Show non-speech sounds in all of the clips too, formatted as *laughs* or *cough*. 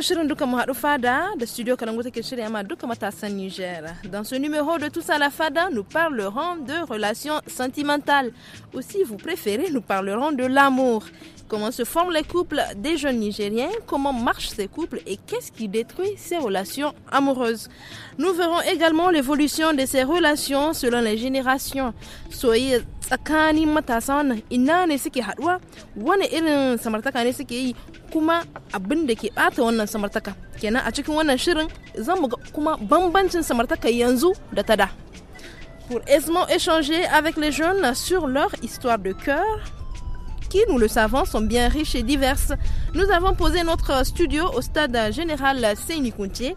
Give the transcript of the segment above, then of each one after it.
shirin fada studio Niger. Dans ce numéro de Tous à la fada, nous parlerons de relations sentimentales. Ou si vous préférez, nous parlerons de l'amour. Comment se forment les couples des jeunes Nigériens Comment marchent ces couples Et qu'est-ce qui détruit ces relations amoureuses Nous verrons également l'évolution de ces relations selon les générations. Soyez Akani matasa wannan ina ne suke haduwa wani irin samartaka ne suke yi kuma abin da ke bata wannan samartaka kenan a cikin wannan shirin zan ga kuma bambancin samartaka yanzu da tada pour aisément échanger avec les jeunes sur leur histoire de cœur qui, nous le savons, sont bien riches et diverses. Nous avons posé notre studio au stade général Seini Kuntier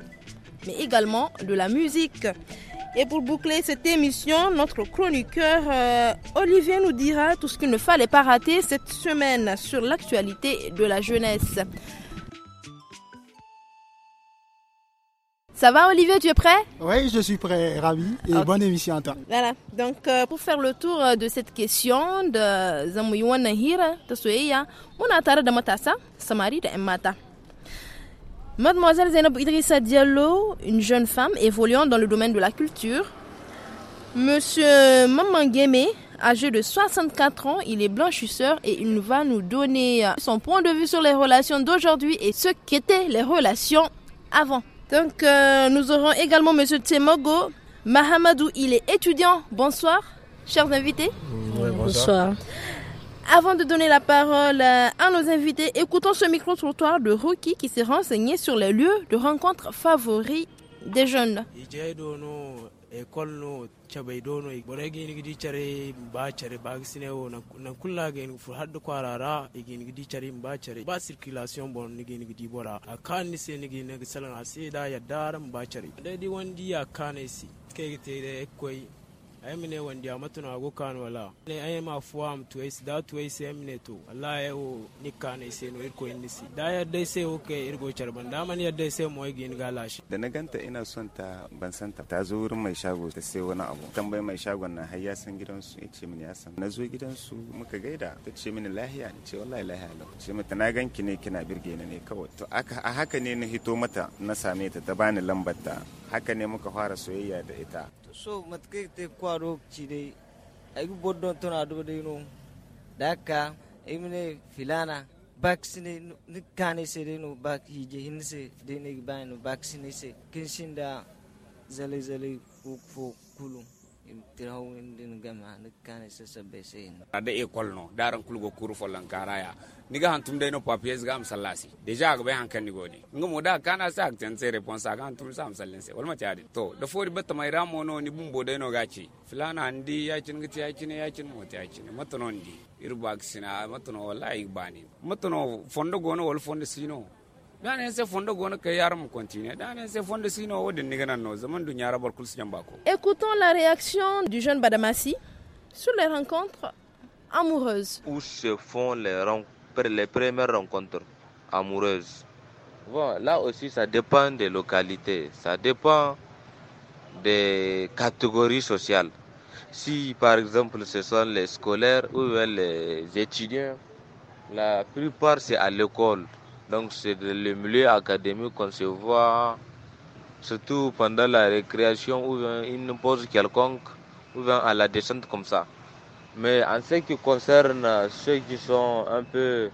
mais également de la musique. Et pour boucler cette émission, notre chroniqueur euh, Olivier nous dira tout ce qu'il ne fallait pas rater cette semaine sur l'actualité de la jeunesse. Ça va Olivier, tu es prêt Oui, je suis prêt, ravi. Et bonne émission à toi. Voilà, donc euh, pour faire le tour euh, de cette question de Zamouiwana Hira, on a de Samari de Mata. Mademoiselle Zainab Idrissa Diallo, une jeune femme évoluant dans le domaine de la culture. Monsieur Mamangeme, âgé de 64 ans, il est blanchisseur et il va nous donner euh, son point de vue sur les relations d'aujourd'hui et ce qu'étaient les relations avant. Donc euh, nous aurons également monsieur Tsemogo Mahamadou, il est étudiant. Bonsoir, chers invités. bonsoir. Avant de donner la parole euh, à nos invités, écoutons ce micro-trottoir de Rookie qui s'est renseigné sur les lieux de rencontre favoris des jeunes. ay mine wandi amatuna ago kan wala ne ay ma fuam to is da to is mine to wala ay o kan ise no irko indisi da ya dai sai ke irgo charban da man ya dai sai yi gin galashi da na ganta ina son ta ban san ta ta zo wurin mai shago ta sai wani abu tambayi mai shagon na har ya san gidan ya ce mini ya san na zo gidan su muka gaida ta ce mini lahiya ni ce wallahi lahiya lau ce mata na ganki ne kina birge ni ne kawai to a haka ne na hito mata na same ta ta bani lambar ta haka ne muka fara soyayya da ita so matkai te kwaro chide ayu bodon ton adu de no daka imne filana vaccine ni kane se de no bak hije hinse de ne ba no vaccine se kinshin da zale zale ko kulu. tiraw ndin e gama ni kane sasa besen ada école no daran kulgo kuru folan karaya hantum no papiers gam deja ga hankan ni da kana sa akten se response ga hantum sam se walma tiadi to da fori mai ramo no ni bumbo no filana andi ya cin ya cin ya cin mo cin ndi irbaksina wallahi bani fondo gono wal fondo sino continue de écoutons la réaction du jeune Badamassi sur les rencontres amoureuses où se font les les premières rencontres amoureuses bon là aussi ça dépend des localités ça dépend des catégories sociales si par exemple ce sont les scolaires ou les étudiants la plupart c'est à l'école donc c'est le milieu académique qu'on se voit, surtout pendant la récréation ou une pause quelconque, ou à la descente comme ça. Mais en ce qui concerne ceux qui sont un peu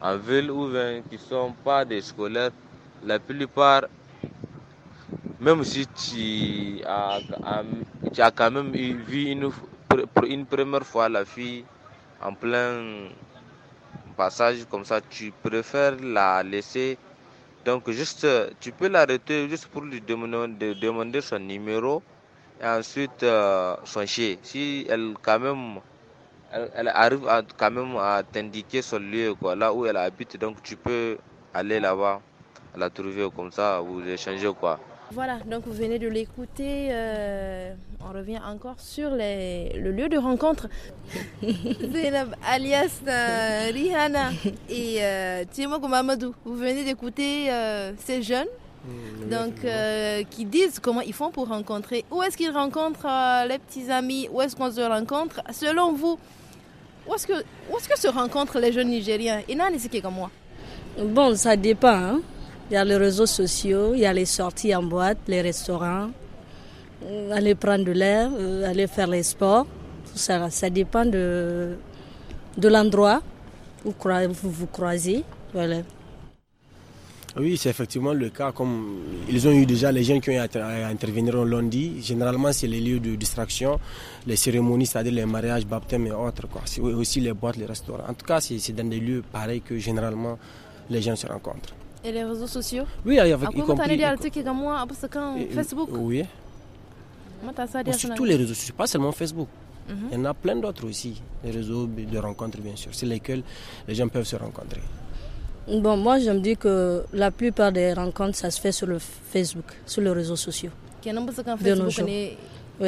en ville ou qui ne sont pas des scolaires, la plupart, même si tu as, quand même vu une, une première fois la fille en plein passage comme ça, tu préfères la laisser. Donc juste, tu peux l'arrêter juste pour lui demander, de demander son numéro et ensuite euh, son chien. Si elle quand même, elle, arrive quand même à t'indiquer son lieu, quoi, là où elle habite, donc tu peux aller là-bas, la trouver comme ça, vous échanger quoi. Voilà, donc vous venez de l'écouter. Euh, on revient encore sur le lieu de rencontre. *laughs* alias euh, Rihanna *laughs* et euh, Timo Mamadou. Vous venez d'écouter ces jeunes donc, qui disent comment ils font pour rencontrer. Où est-ce qu'ils rencontrent les petits amis Où est-ce qu'on se rencontre Selon vous, où est-ce que, se rencontrent les jeunes Nigériens Et non, comme moi. Bon, ça dépend. Hein? Il y a les réseaux sociaux, il y a les sorties en boîte, les restaurants, euh, aller prendre de l'air, euh, aller faire les sports. Tout ça, ça dépend de, de l'endroit où vous vous croisez. Voilà. Oui, c'est effectivement le cas. Comme ils ont eu déjà les gens qui ont au lundi, généralement c'est les lieux de distraction, les cérémonies, c'est-à-dire les mariages, baptêmes et autres. Quoi. Aussi les boîtes, les restaurants. En tout cas, c'est dans des lieux pareils que généralement les gens se rencontrent. Et les réseaux sociaux Oui, avec, y compris... Facebook Oui. tous les réseaux sociaux, pas seulement Facebook. Mhm. Il y en a plein d'autres aussi, les réseaux de rencontres bien sûr, C'est lesquels les gens peuvent se rencontrer. Bon, moi je me dis que la plupart des rencontres, ça se fait sur le Facebook, sur les réseaux sociaux. Oui,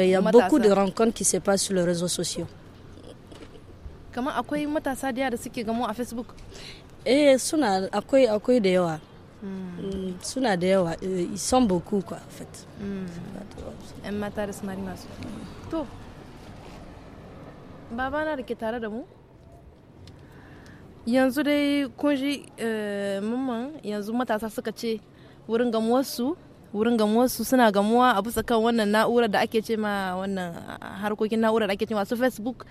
il y a beaucoup de rencontres qui se passent sur les réseaux sociaux. Comment à quoi Facebook eh suna akwai akwai da yawa hmm. mm, suna da yawa eh, son boku kwa fit hmm. yan mata da mari masu to baba na da ke tare da mu yanzu dai kun ji eh, mamman yanzu matasa suka ce wurin gamuwarsu wurin gamuwarsu suna gamuwa a bisa kan wannan na'urar da ake ce ma wannan ah, harkokin na'urar da ake ce masu facebook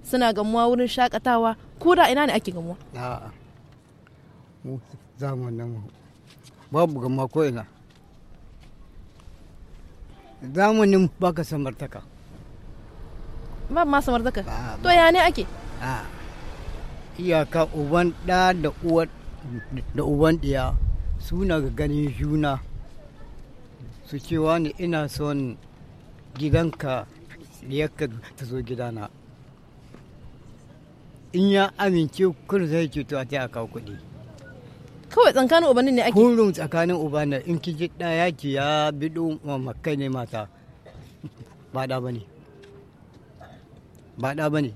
suna gamuwa wurin shakatawa ko da ina ne ake gamuwa a'a mu zamanin mu babu gama ko ina zamanin baka samartaka ba ma samartaka to ya ne ake iyaka uban da uwar da uban diya suna ga ganin juna su cewa ne ina son gidanka diyarka ta zo gidana in ya amince kun zai ce to a ta kawo kuɗi kawai tsakanin ubannin ne ake kurun tsakanin ubannin in ki ji daya ki ya bido makai ne mata ba da bane ba da bane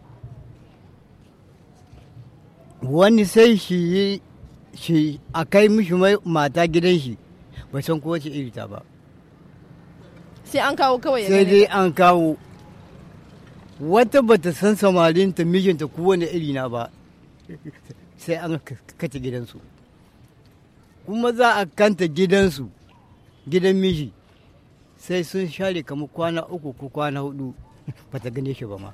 wani sai shi shi a kai mai mata gidan shi ba san ko wace iri ta ba sai an kawo kawai sai dai an kawo wata bata san samarin ta mijinta kowane iri na ba *laughs* sai an kace gidansu kuma za a kanta gidansu gidan miji sai sun share kama kwana uku ko kwana hudu ba ta gane shi ba ma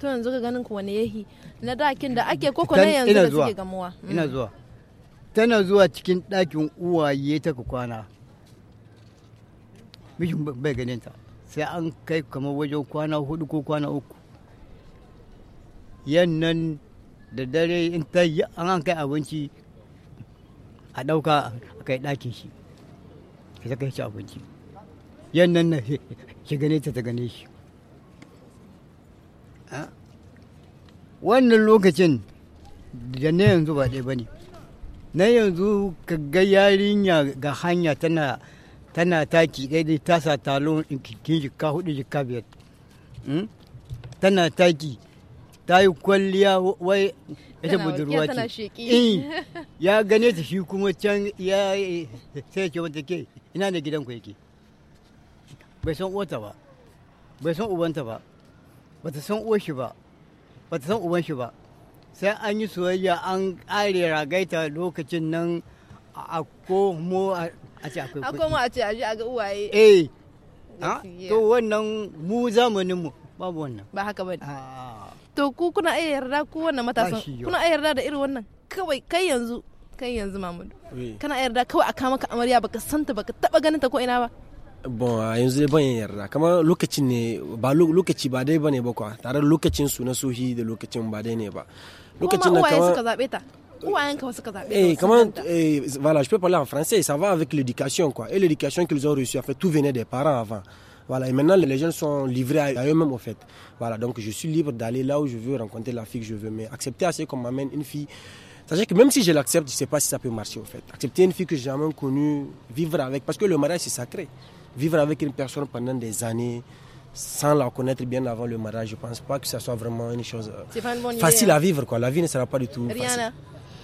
to yanzu ga ganin ku wani yahi na dakin da ake koko na yanzu da suke gamuwa mm. ina zuwa tana zuwa cikin ɗakin uwaye ta ku kwana mijin bai ganin ta sai an kai kama wajen kwana hudu ko kwana uku yannan da dare in ta yi an kai abinci a ɗauka a kai ɗakin shi ka ta kai shi abinci yan nan na shi gane ta ta gane shi wannan lokacin da na yanzu ba ɗaya ba ne na yanzu ka ga yarinya ga hanya tana tana taki ɗaya ta sa talon kin jika hudu jika biyar tana taki ta yi kwalliya wai ita budurwa ce eh, *laughs* ya gane ta shi kuma can ya sai ke wata ke ina da gidan ku yake bai san uwanta ba bai san ubanta ba bata san uwar shi ba bata san uban shi ba sai an yi soyayya an kare ragaita lokacin nan a komo a ce akwai kuɗi a komo a ce a ji a ga uwaye eh ah, to wannan mu zamanin mu babu wannan ba haka ba ne ah. to ku kuna iya yarda ku wannan matasan kuna iya yarda da irin wannan kawai kai yanzu kai yanzu mamudu kana yarda kawai a kama ka amarya baka santa baka taba ganin ta ko ina ba bon a yanzu ban yarda kamar lokacin ne ba lokaci ba dai bane ba kwa tare lokacin su na sohi da lokacin ba dai ne ba lokacin na kama suka zabe ta Et comment, et, voilà, je peux parler en français, ça va avec l'éducation, quoi. Et l'éducation qu'ils ont reçue, en fait, tout venait des parents avant. Voilà, et maintenant les jeunes sont livrés à eux-mêmes au fait. Voilà, donc je suis libre d'aller là où je veux, rencontrer la fille que je veux, mais accepter à ce qu'on m'amène une fille. Sachez que même si je l'accepte, je ne sais pas si ça peut marcher au fait. Accepter une fille que j'ai jamais connue, vivre avec, parce que le mariage c'est sacré. Vivre avec une personne pendant des années, sans la connaître bien avant le mariage, je ne pense pas que ça soit vraiment une chose euh, facile à hein. vivre. Quoi. La vie ne sera pas du tout facile. Hein.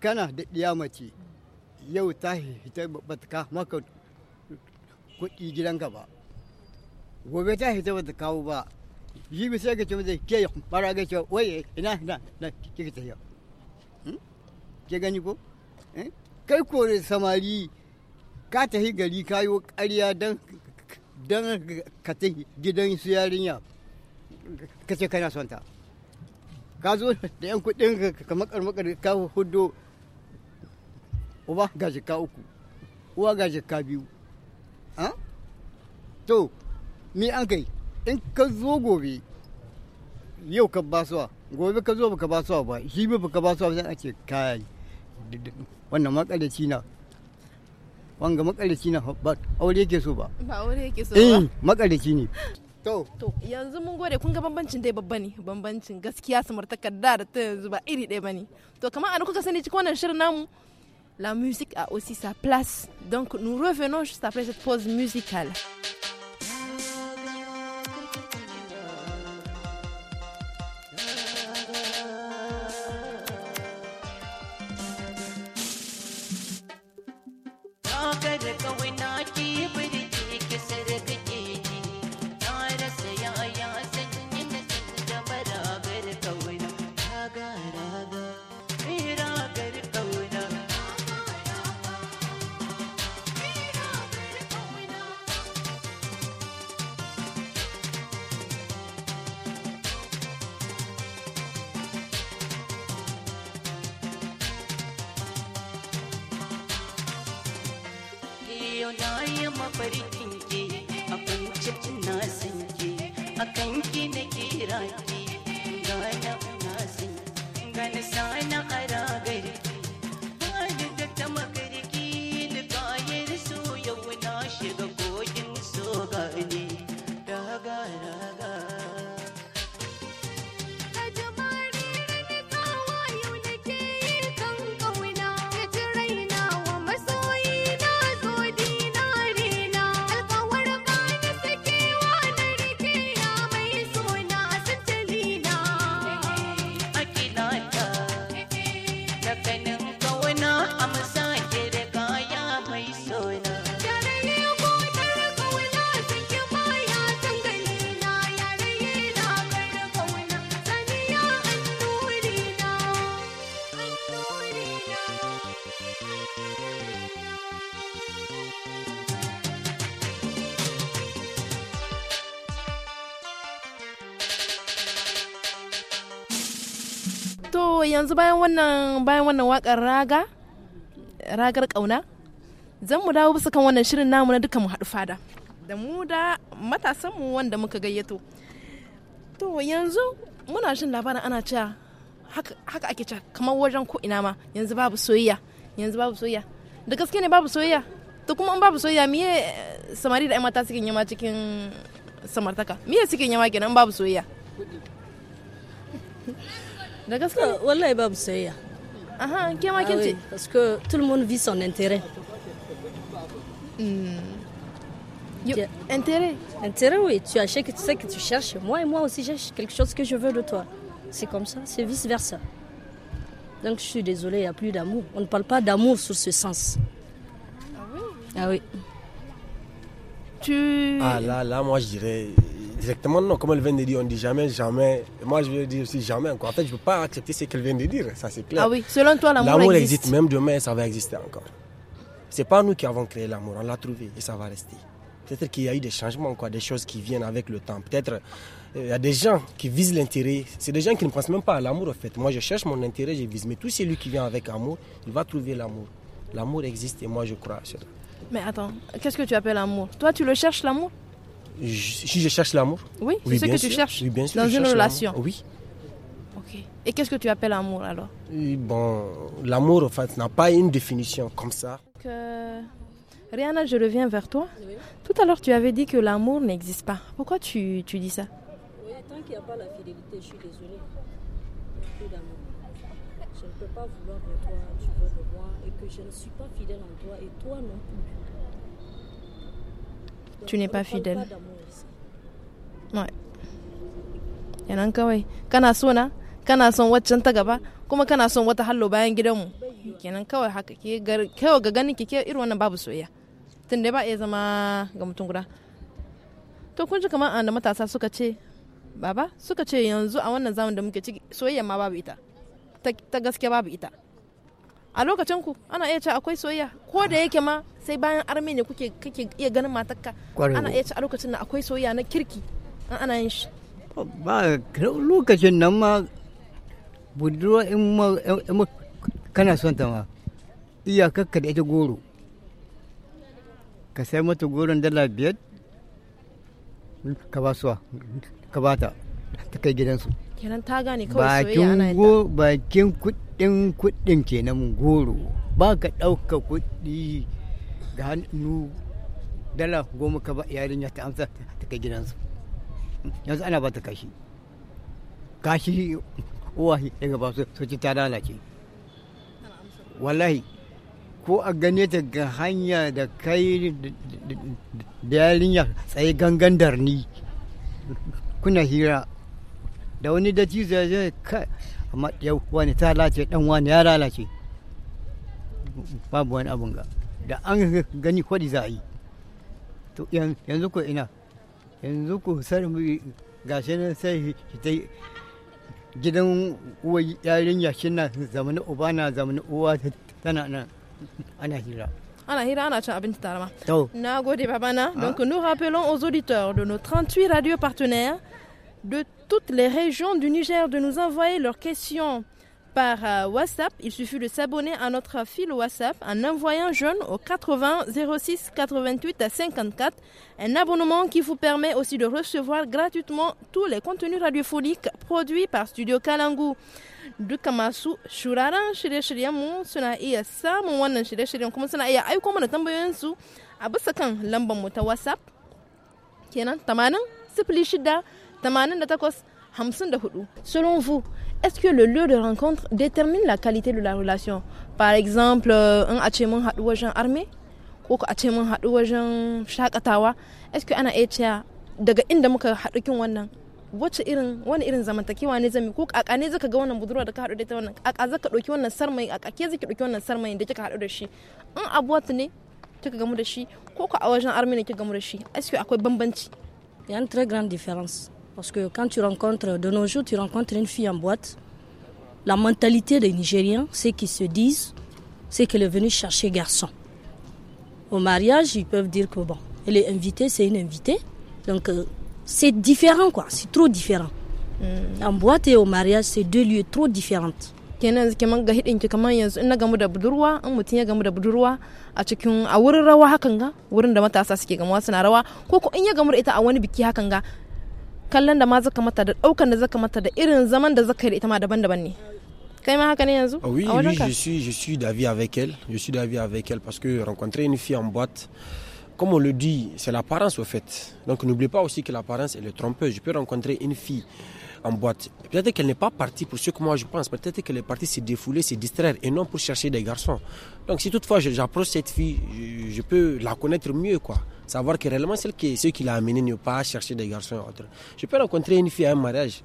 kana da ɗiya mace yau ta hita ba ta kawo maka kuɗi gidanka ba gobe ta hita ba ta kawo ba yi bi sai ka ce mazai ke fara ga cewa waye ina na na kika ta yau hmm? ke gani ko eh? kai kore samari ka tafi gari ka yi ƙarya don don ka ta gidan su yarinya ka ce kana son ta ka zo da yan kuɗin ka makar makar ka hudu uba ga jika uku uwa ga jika biyu to mi an kai in ka zo gobe yau ka basuwa gobe ka zo baka basuwa ba shi ba baka basuwa zan ake kayayi wannan makalaci na wanga makalaci na ba aure yake so ba ba aure yake so ba eh makalaci ne to to yanzu mun gode kun ga bambancin dai babba ne bambancin gaskiya samartakar da da ta yanzu ba iri ɗaya bane to kamar an kuka sani cikin wannan shirin namu la musique a aussi sa place. Donc nous revenons juste après cette pause musicale. to yanzu bayan wannan bayan wannan wakar raga ragar kauna zan mu dawo bisa kan wannan shirin namu na duka mu haɗu fada da mu da matasanmu wanda muka gayyato to yanzu muna shin labarin ana cewa haka ake cewa kamar wajen ko ina ma yanzu babu soyayya yanzu babu soyayya da gaske ne babu soyayya to kuma in babu soyayya miye samari da 'yan mata suke yama cikin samartaka miye suke yama kenan babu soyayya Parce que tout le monde vit son intérêt. intérêt Intérêt, oui. Tu achètes que tu sais que tu cherches. Moi et moi aussi, j'ai quelque chose que je veux de toi. C'est comme ça, c'est vice-versa. Donc je suis désolée, il n'y a plus d'amour. On ne parle pas d'amour sur ce sens. Ah oui Ah oui. Tu... Ah là, là, moi je dirais, Exactement, non. Comme elle vient de dire, on dit jamais, jamais. moi, je veux dire aussi jamais. Encore. En fait, je ne peux pas accepter ce qu'elle vient de dire. Ça, c'est clair. Ah oui, selon toi, l'amour existe. L'amour existe, même demain, ça va exister encore. Ce n'est pas nous qui avons créé l'amour, on l'a trouvé et ça va rester. Peut-être qu'il y a eu des changements, quoi, des choses qui viennent avec le temps. Peut-être euh, il y a des gens qui visent l'intérêt. C'est des gens qui ne pensent même pas à l'amour, en fait. Moi, je cherche mon intérêt, je vise. Mais tout celui qui vient avec amour, il va trouver l'amour. L'amour existe et moi, je crois à cela. Mais attends, qu'est-ce que tu appelles amour Toi, tu le cherches, l'amour si je cherche l'amour Oui, c'est ce que tu cherches dans une relation. Oui. Ok. Et qu'est-ce que tu appelles amour alors l'amour en fait n'a pas une définition comme ça. euh, Rihanna, je reviens vers toi. Tout à l'heure, tu avais dit que l'amour n'existe pas. Pourquoi tu, tu dis ça Oui, tant qu'il n'y a pas la fidélité, je suis désolée. Je ne peux pas vouloir de toi, tu veux de moi, et que je ne suis pas fidèle en toi, et toi non plus. tu n'es pas fidèle ouais a encore, kana Quand on kana son waccan ta gaba kuma kana son wata hallo bayan gidanmu kenan kawai haka ke kawai ga ganin ki ke irin wannan babu soyayya tun da ba iya zama ga mutum guda to kun ji kamar da matasa suka ce baba suka ce yanzu a wannan zaman da muke ciki soyayya ma babu ita ta gaske babu ita a lokacin ku ana iya ce akwai soyayya ko da yake ma sai bayan arme ne kuke kake iya ganin matakka ana iya ce a lokacin nan akwai soyayya na kirki an ana yin shi ba lokacin nan ma budurwa in ma kana son ta ma iyakarka da ita goro ka sai mata goron dala biyar ka ba ka ba ta kai gidansu kenan ta gane kawai soyayya ana bakin kuɗin kuɗin kenan goro ba ka ɗauka kuɗi da hannu dala goma ka ba yarinya ta amsa ta kai gidansu yanzu ana ba ta kashi kashi uwa daga ba su soci ta lalace wallahi ko a gane ta ga hanya da kai da yarinya tsaye gangan darni kuna hira da wani dattijo ya zai kai amma yau wani ta lalace dan wani ya lalace babu wani abun ga da an gani kwadi za a yi to yanzu ko ina yanzu ko sarmi gashi nan sai ta gidan uwa yarin shi na zamanin uba na zamanin uwa tana nan ana hira Anna Hira, ah. Donc Nous rappelons aux auditeurs de nos 38 radios partenaires de toutes les régions du Niger de nous envoyer leurs questions par euh, WhatsApp. Il suffit de s'abonner à notre fil WhatsApp en envoyant jeune au 80 06 88 à 54. Un abonnement qui vous permet aussi de recevoir gratuitement tous les contenus radiophoniques produits par Studio Kalangu. du kamasu shuraran shirye suna iya samun wannan shirye kuma whatsapp Selon vous, est-ce que le lieu de rencontre détermine la qualité de la relation Par exemple, un armée chaque est-ce que wacce irin wani irin zamantakewa ne zami ko ne zaka ga wannan budurwa da ka haɗu da ita wannan kaka wannan zaki wannan da kika da shi in abuwat ne kika gamu da shi ko ko a wajen ne kika gamu da shi akwai bambanci il y a une Parce que quand tu rencontres, de nos jours, tu rencontres une fille en boîte, la mentalité des Nigériens, c'est qu'ils se disent, c'est qu'elle est venue chercher garçon. Au mariage, ils peuvent dire que bon, elle est invitée, c'est une invitée. Donc, euh, c'est différent, quoi. C'est trop différent. Hmm. En boîte et au mariage, c'est deux lieux trop différents. kenan kaman ga hidin ki kaman yanzu in na gamu da budurwa in mutun ya gamu da budurwa a cikin a wurin rawa hakan ga wurin da matasa suke gamuwa suna rawa ko ko in ya gamu da ita a wani biki hakan ga oui, oui je suis, d'avis avec elle. Je suis d'avis avec elle parce que rencontrer une fille en boîte, comme on le dit, c'est l'apparence au fait. Donc n'oubliez pas aussi que l'apparence, est le trompeur Je peux rencontrer une fille en boîte. Peut-être qu'elle n'est pas partie pour ce que moi je pense. Peut-être qu'elle est partie se défouler, se distraire et non pour chercher des garçons. Donc si toutefois j'approche cette fille, je, peux la connaître mieux, quoi. Savoir que réellement celle qui, ceux qui l'a amenée ne pas chercher des garçons Je peux rencontrer une fille à un mariage.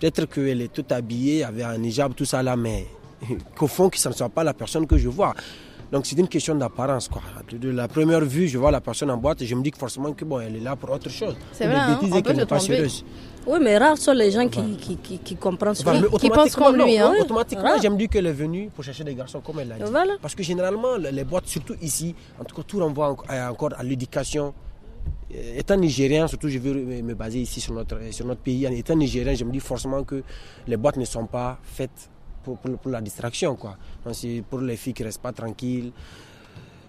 Peut-être qu'elle est toute habillée, avait un hijab, tout ça là, mais *laughs* qu'au fond, que ce ne soit pas la personne que je vois. Donc c'est une question d'apparence. Quoi. De, la première vue, je vois la personne en boîte et je me dis que forcément que, bon, elle est là pour autre chose. C'est vrai, hein, on peut se Oui, mais rare sont les gens qui, qui, qui, comprennent ce qui, qui pensent comme lui. Hein. Automatiquement, j'aime dire qu'elle est venue pour chercher des garçons comme elle l'a dit. Parce que généralement, les boîtes, surtout ici, en tout cas, tout renvoie euh, encore à l'éducation euh, étant nigérien, surtout je veux me baser ici sur notre, sur notre pays, en étant nigérien, je me dis forcément que les boîtes ne sont pas faites pour, pour, la distraction. Quoi. c'est pour les filles qui ne restent pas tranquilles.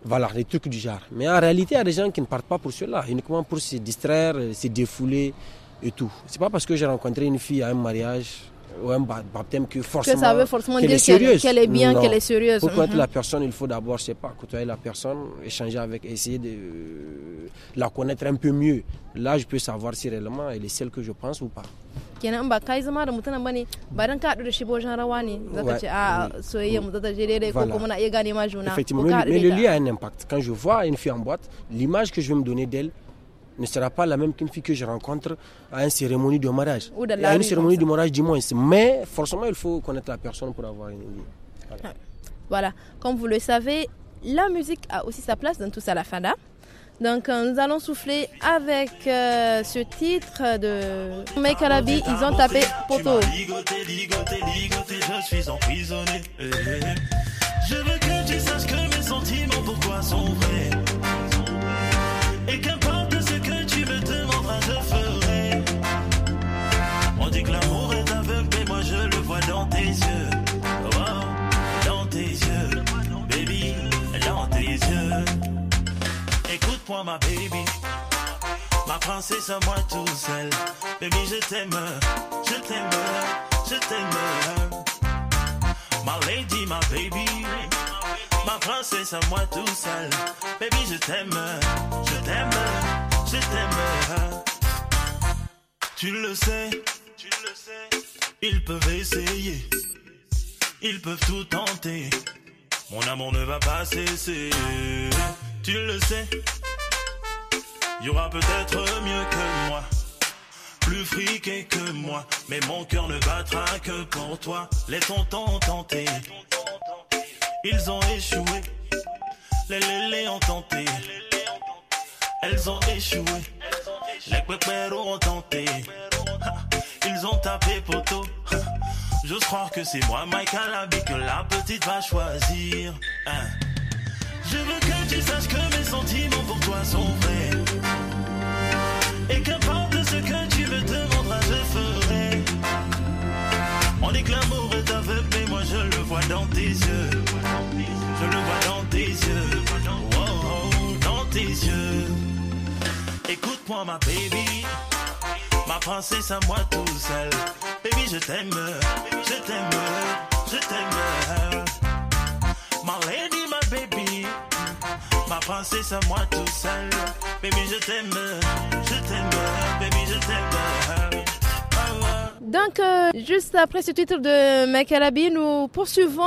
Voilà, des trucs du genre. Mais en réalité, il y a des gens qui ne partent pas pour cela, uniquement pour se distraire, se défouler et tout. C'est pas parce que j'ai rencontré une fille à un mariage euh, baptême que forcément. ça veut forcément dire qu'elle, est bien, qu'elle est sérieuse. Pour connaître hein. la personne, il faut d'abord, je sais pas, côtoyer la personne, échanger avec, essayer de euh, la connaître un peu mieux. Là, je peux savoir si réellement elle est celle que je pense ou pas. effectivement mais, le lien a un impact quand je vois une fille en boîte l'image que je vais me donner d'elle ne sera pas la même qu'une fille que je rencontre à une cérémonie de mariage. à une cérémonie de mariage, du moins. Mais forcément, il faut connaître la personne pour avoir une idée. Voilà. Comme vous le savez, la musique a aussi sa place dans tout ça, la fada. Donc, euh, nous allons souffler avec euh, ce titre de Mekalabi. Ils ont tapé poteau. je suis emprisonné. Je veux que tu saches que mes sentiments pour toi sont vrais. Et Pour ma baby. Ma pensée, c'est moi tout seul. Baby, je t'aime, je t'aime, je t'aime. Ma lady, ma baby. Ma princesse, moi tout seul. Baby, je t'aime, je t'aime, je t'aime. Tu le sais, tu le sais. Ils peuvent essayer, ils peuvent tout tenter. Mon amour ne va pas cesser. Tu le sais, y aura peut-être mieux que moi. Plus friqué que moi, mais mon cœur ne battra que pour toi. Les tontons ont tenté Ils ont échoué. Les lélés ont tenté. Elles ont échoué. Les pépéros ont tenté. Ils ont tapé poteau. J'ose croire que c'est moi, Mike Alabi, que la petite va choisir. Hein. Je veux que tu saches que mes sentiments pour toi sont vrais. Et qu'importe ce que tu me demanderas, je ferai. On dit que l'amour est aveugle, mais moi je le vois dans tes yeux. Je le vois dans tes yeux. dans tes yeux. Écoute-moi, ma baby. Ma princesse à moi tout seul. Baby, je t'aime. Je t'aime. Je t'aime. My lady, my baby. Donc, juste après ce titre de Mekarabi, nous poursuivons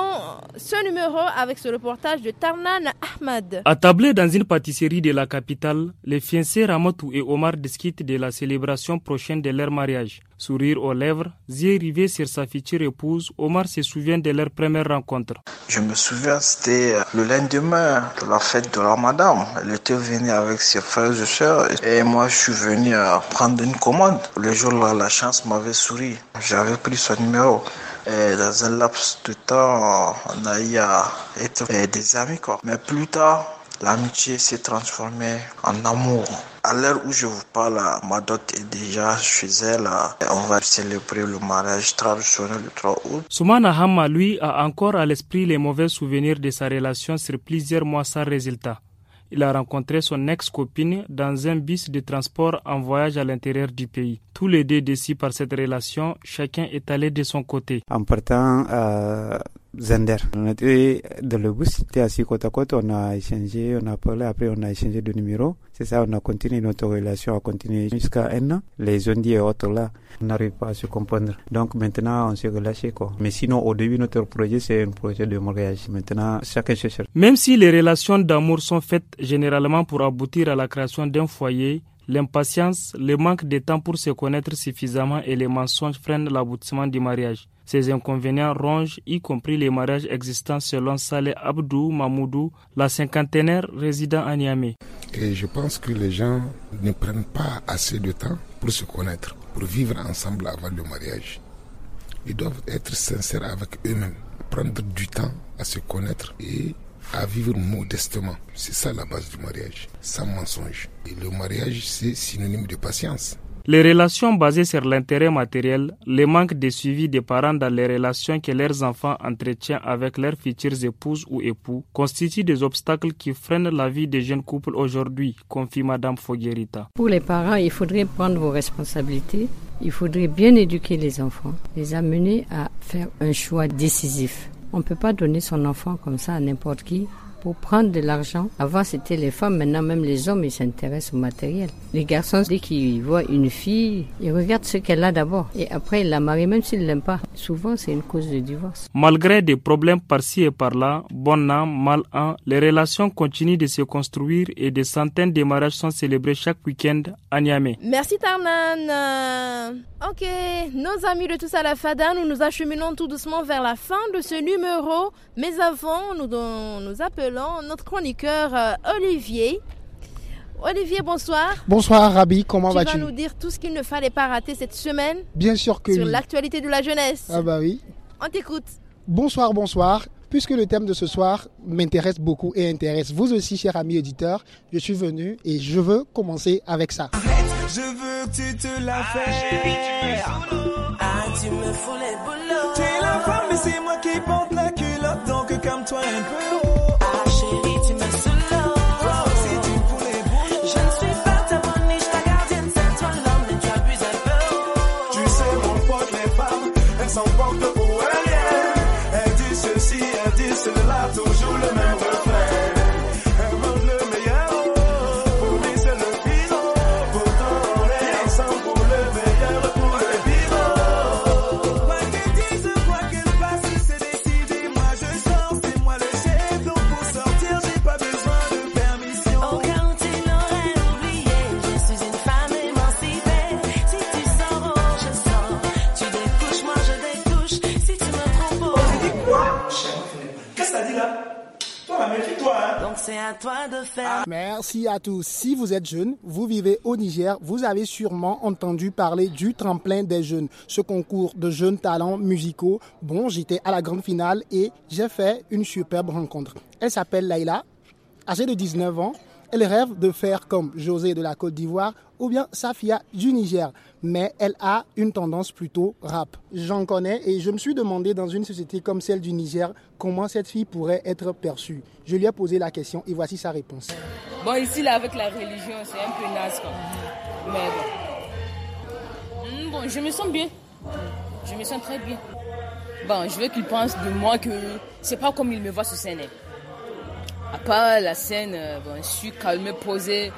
ce numéro avec ce reportage de Tarnan Ahmad. Attablés dans une pâtisserie de la capitale, les fiancés Ramotou et Omar discutent de la célébration prochaine de leur mariage. Sourire aux lèvres, yeux rivé sur sa future épouse, Omar se souvient de leur première rencontre. Je me souviens, c'était euh, le lendemain de la fête de madame. Elle était venue avec ses frères et soeurs et moi, je suis venu euh, prendre une commande. Le jour-là, la chance m'avait souri. J'avais pris son numéro. Et dans un laps de temps, on a eu à être euh, des amis, Mais plus tard, l'amitié s'est transformée en amour. À l'heure où je vous parle, ma dot est déjà chez elle. On va célébrer le mariage traditionnel le 3 août. Soumana Hamma, lui, a encore à l'esprit les mauvais souvenirs de sa relation sur plusieurs mois sans résultat. Il a rencontré son ex-copine dans un bus de transport en voyage à l'intérieur du pays. Tous les deux décis par cette relation, chacun est allé de son côté. En partant, euh, Zender. On était dans le bus, c'était assis côte à côte, on a échangé, on a parlé, après on a échangé de numéro C'est ça, on a continué notre relation, a continué jusqu'à un an. Les zondis et autres là, on n'arrive pas à se comprendre. Donc maintenant, on s'est relâché quoi. Mais sinon, au début, notre projet, c'est un projet de mariage. Maintenant, chacun cherche. Même si les relations d'amour sont faites généralement pour aboutir à la création d'un foyer, l'impatience, le manque de temps pour se connaître suffisamment et les mensonges freinent l'aboutissement du mariage. Ces inconvénients rongent y compris les mariages existants selon Saleh Abdou Mamoudou, la cinquantenaire résident à Niamey. Et je pense que les gens ne prennent pas assez de temps pour se connaître, pour vivre ensemble avant le mariage. Ils doivent être sincères avec eux-mêmes, prendre du temps à se connaître et à vivre modestement. C'est ça la base du mariage, sans mensonge. Et le mariage, c'est synonyme de patience. Les relations basées sur l'intérêt matériel, le manque de suivi des parents dans les relations que leurs enfants entretiennent avec leurs futures épouses ou époux constituent des obstacles qui freinent la vie des jeunes couples aujourd'hui, confie Madame Foguerita. Pour les parents, il faudrait prendre vos responsabilités. Il faudrait bien éduquer les enfants, les amener à faire un choix décisif. On ne peut pas donner son enfant comme ça à n'importe qui pour prendre de l'argent. Avant, c'était les femmes, maintenant même les hommes, ils s'intéressent au matériel. Les garçons, dès qu'ils voient une fille, ils regardent ce qu'elle a d'abord. Et après, ils la marient, même s'ils ne l'aiment pas. Souvent, c'est une cause de divorce. Malgré des problèmes par-ci et par-là, bon an, mal an, les relations continuent de se construire et des centaines de mariages sont célébrés chaque week-end à Niamey. Merci Tarnan. Euh, ok, nos amis de tous à la Fada, nous nous acheminons tout doucement vers la fin de ce numéro. Mais avant, nous, nous appelons notre chroniqueur euh, Olivier. Olivier, bonsoir. Bonsoir Rabi, comment vas-tu Tu vas nous dire tout ce qu'il ne fallait pas rater cette semaine Bien sûr que sur l'actualité de la jeunesse. Ah bah oui. On t'écoute. Bonsoir, bonsoir. Puisque le thème de ce soir m'intéresse beaucoup et intéresse vous aussi, chers amis auditeurs, je suis venu et je veux commencer avec ça. Arrête, je veux que tu te la ah, fasses. Ah, tu me fous les boulots. la c'est moi qui porte la culotte, donc comme toi un peu. Hein. Donc c'est toi de faire. Ah. Merci à tous. Si vous êtes jeune, vous vivez au Niger, vous avez sûrement entendu parler du tremplin des jeunes, ce concours de jeunes talents musicaux. Bon, j'étais à la grande finale et j'ai fait une superbe rencontre. Elle s'appelle Laila, âgée de 19 ans. Elle rêve de faire comme José de la Côte d'Ivoire ou bien Safia du Niger, mais elle a une tendance plutôt rap. J'en connais et je me suis demandé dans une société comme celle du Niger comment cette fille pourrait être perçue. Je lui ai posé la question et voici sa réponse. Bon, ici, là, avec la religion, c'est un peu naze, Mais hmm, bon. je me sens bien. Je me sens très bien. Bon, je veux qu'il pense de moi que c'est pas comme il me voit sur scène. Hein. Pas la scène, euh, je suis calme, posé.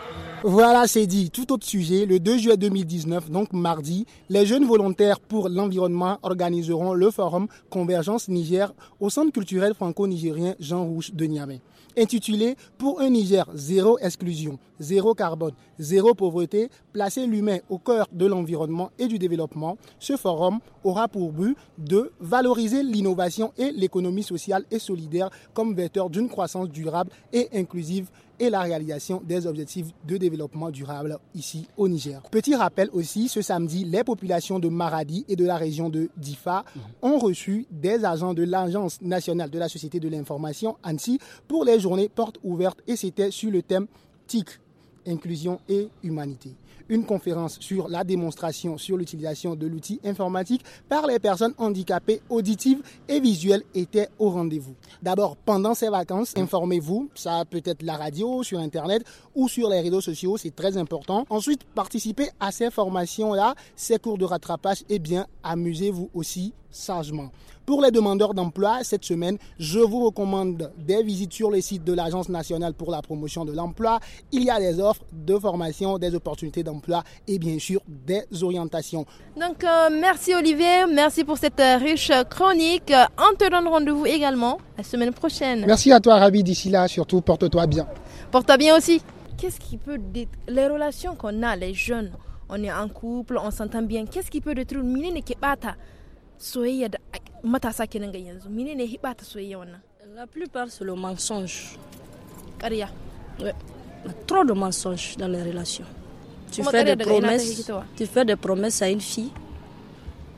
Voilà, c'est dit. Tout autre sujet, le 2 juillet 2019, donc mardi, les jeunes volontaires pour l'environnement organiseront le forum Convergence Niger au Centre culturel franco-nigérien Jean Rouge de Niamey intitulé Pour un Niger, zéro exclusion, zéro carbone, zéro pauvreté, placer l'humain au cœur de l'environnement et du développement, ce forum aura pour but de valoriser l'innovation et l'économie sociale et solidaire comme vecteur d'une croissance durable et inclusive et la réalisation des objectifs de développement durable ici au Niger. Petit rappel aussi, ce samedi, les populations de Maradi et de la région de Difa ont reçu des agents de l'Agence nationale de la société de l'information, ANSI, pour les journées portes ouvertes et c'était sur le thème TIC, inclusion et humanité. Une conférence sur la démonstration sur l'utilisation de l'outil informatique par les personnes handicapées auditives et visuelles était au rendez-vous. D'abord, pendant ces vacances, informez-vous, ça peut être la radio, sur Internet ou sur les réseaux sociaux, c'est très important. Ensuite, participez à ces formations-là, ces cours de rattrapage, et eh bien, amusez-vous aussi sagement. Pour les demandeurs d'emploi, cette semaine, je vous recommande des visites sur les sites de l'Agence nationale pour la promotion de l'emploi. Il y a des offres de formation, des opportunités d'emploi et bien sûr des orientations. Donc euh, merci Olivier, merci pour cette euh, riche chronique. Euh, on te donne rendez-vous également la semaine prochaine. Merci à toi Ravi, d'ici là surtout porte-toi bien. Porte-toi bien aussi. Qu'est-ce qui peut les relations qu'on a les jeunes, on est en couple, on s'entend bien. Qu'est-ce qui peut détruire la plupart c'est le mensonge y a trop de mensonges dans les relations tu fais des promesses tu fais des promesses à une fille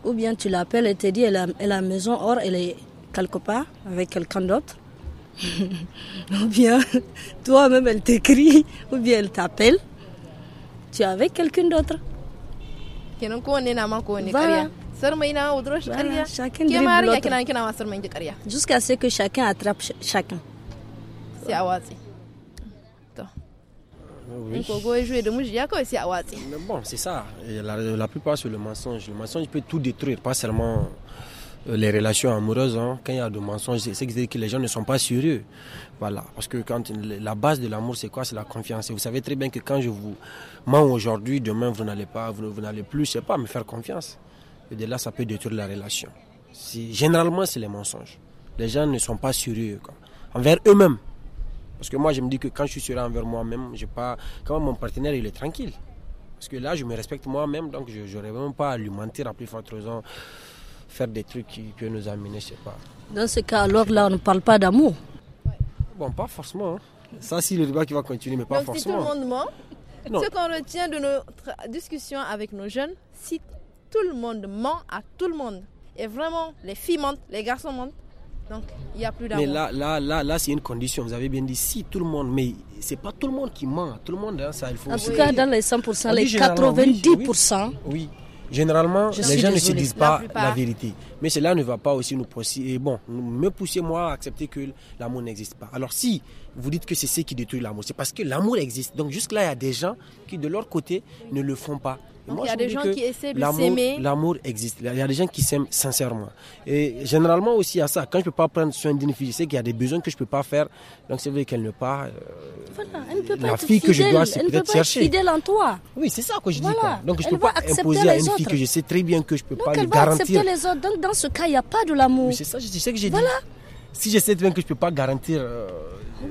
ou bien tu l'appelles et te dis elle est à la maison or elle est quelque part avec quelqu'un d'autre *laughs* ou bien *laughs* toi-même elle t'écrit ou bien elle t'appelle tu es avec quelqu'un d'autre jusqu'à ce que chacun attrape chacun Bon, c'est ça. La, plupart, c'est le mensonge. Le mensonge peut tout détruire, pas seulement euh, les relations amoureuses, hein. quand il y a de mensonges, c'est que les gens ne sont pas sérieux. Voilà. Parce que quand la base de l'amour, c'est quoi C'est la confiance. Et vous savez très bien que quand je vous mens aujourd'hui, demain, vous n'allez pas, vous, n'allez plus, je sais pas, me faire confiance. Et de là, ça peut détruire la relation. Généralement, c'est les mensonges. Les gens ne sont pas sérieux envers eux-mêmes. Parce que moi, je me dis que quand je suis sûr envers moi-même, j'ai pas. Quand mon partenaire, il est tranquille. Parce que là, je me respecte moi-même, donc je n'aurais même pas à lui mentir à plus forte faire des trucs qui peuvent nous amener, je sais pas. Dans ce cas, alors là, on ne parle pas d'amour Bon, pas forcément. Hein. Ça, c'est le débat qui va continuer, mais pas forcément. Si tout le hein. monde ce qu'on retient de notre discussion avec nos jeunes, si tout le monde ment à tout le monde. Et vraiment, les filles mentent, les garçons mentent. Donc, il n'y a plus d'amour. Mais là, là, là, là c'est une condition. Vous avez bien dit, si tout le monde, mais c'est pas tout le monde qui ment. Tout le monde, hein, ça, il faut. En tout cas, dans les 100%, les 90%. Oui, Généralement, les gens ne se disent pas la, vérité. Mais cela ne va pas aussi nous pousser. bon, me pousser moi à accepter que l'amour n'existe pas. Alors si vous dites que c'est ce qui détruit l'amour. C'est parce que l'amour existe. Donc jusque-là, il y a des gens qui, de leur côté, ne le font pas. Donc, il y a des gens qui essaient de s'aimer. L'amour existe. Il y a des gens qui s'aiment sincèrement. Et généralement aussi à ça, quand je ne peux pas prendre soin d'une fille, je sais qu'il y a des besoins que je ne peux pas faire. Donc c'est vrai qu'elle ne pas. Euh, voilà, elle ne peut pas la fille que je dois c'est peut-être chercher. fidèle en toi. Oui, c'est ça que je dis. Donc je ne peux pas imposer à une fille que je sais très bien que je ne peux donc, pas elle va garantir. accepter les autres. Donc dans ce cas, il n'y a pas de l'amour. c'est ça, je sais que j'ai voilà. Si je sais bien que je ne peux pas garantir. Euh,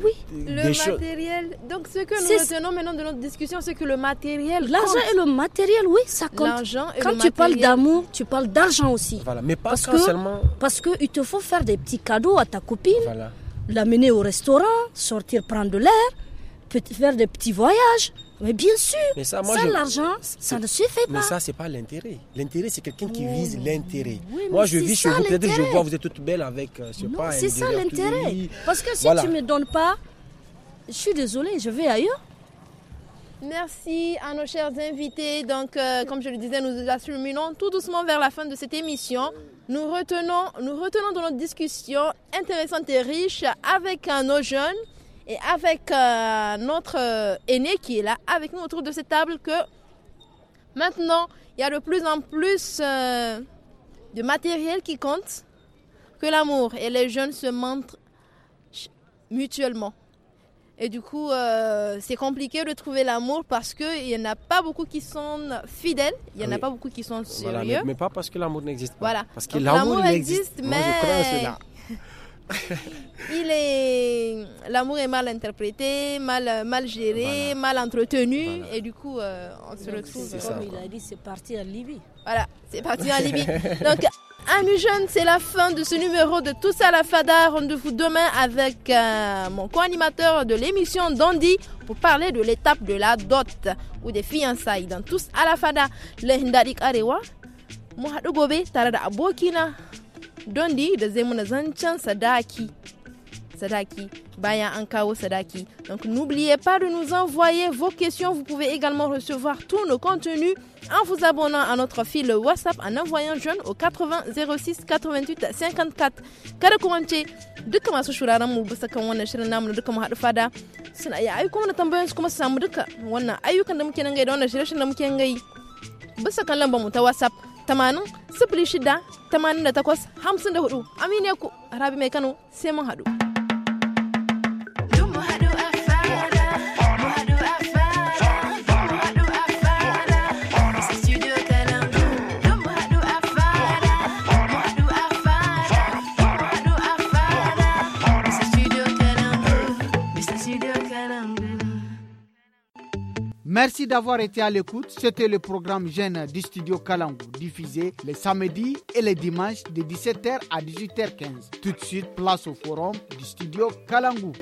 oui, le matériel. Donc ce que nous retenons maintenant de notre discussion, c'est que le matériel. L'argent et le matériel, oui, ça compte. quand tu parles d'amour, tu parles d'argent aussi. Voilà, mais pas parce que, seulement. Parce que il te faut faire des petits cadeaux à ta copine, l'amener au restaurant, sortir prendre de l'air, faire des petits voyages. Mais bien sûr, ça, sans l'argent, ça ne suffit pas. Mais ça, c'est pas l'intérêt. L'intérêt, c'est quelqu'un qui vise l'intérêt. moi, je vis chez vous, peut-être je vois, vous êtes toutes belles avec, euh, ce c'est ça l'intérêt. Parce que si tu ne me donnes pas, je suis désolée, je vais ailleurs. Merci à nos chers invités. Donc, euh, comme je le disais, nous assumerons tout doucement vers la fin de cette émission. Nous retenons, nous retenons dans notre discussion intéressante et riche avec euh, nos jeunes et avec euh, notre euh, aîné qui est là avec nous autour de cette table que maintenant il y a de plus en plus euh, de matériel qui compte que l'amour et les jeunes se montrent mutuellement. Et du coup, c'est compliqué de trouver l'amour parce qu'il n'y en a pas beaucoup qui sont fidèles, il n'y en a pas beaucoup qui sont sérieux. mais, pas parce que l'amour n'existe pas. Voilà. Parce que l'amour existe, mais... *laughs* il est l'amour est mal interprété, mal mal géré, mal entretenu et du coup euh, on se retrouve. Comme il a dit, c'est parti en Libye. Voilà, c'est parti en Libye. *laughs* Donc Amis jeunes, c'est la fin de ce numéro de Tous à la Fada. Rendez-vous demain avec euh, mon co-animateur de l'émission Dandy pour parler de l'étape de la dot ou des fiançailles dans Tous à la Fada. Le Hindarik Arewa, Gobe, Tarada Abokina don da yi da zai muna zancen sadaki Sadaki, Bayan kawo Sadaki. Donc n'oubliez pas de nous envoyer vos questions. Vous pouvez également recevoir tous nos contenus en vous abonnant à notre fil WhatsApp en envoyant jeune au 80 06 88 54. Kada ku wance duka masu shuraren mu bisa kan wannan shirin namu na duka mu hadu fada suna iya aiko mana tambayoyin su kuma su samu duka wannan ayyukan da muke nan gai da wannan shirye da muke nan gai bisa kan lambar mu ta WhatsApp tamanin sifili shida tamanin da takwas hamsin da hudu amine ku rabi mai kano sai mun haɗu. Merci d'avoir été à l'écoute. C'était le programme Gêne du studio Kalangu, diffusé les samedis et les dimanches de 17h à 18h15. Tout de suite, place au forum du studio Kalangu.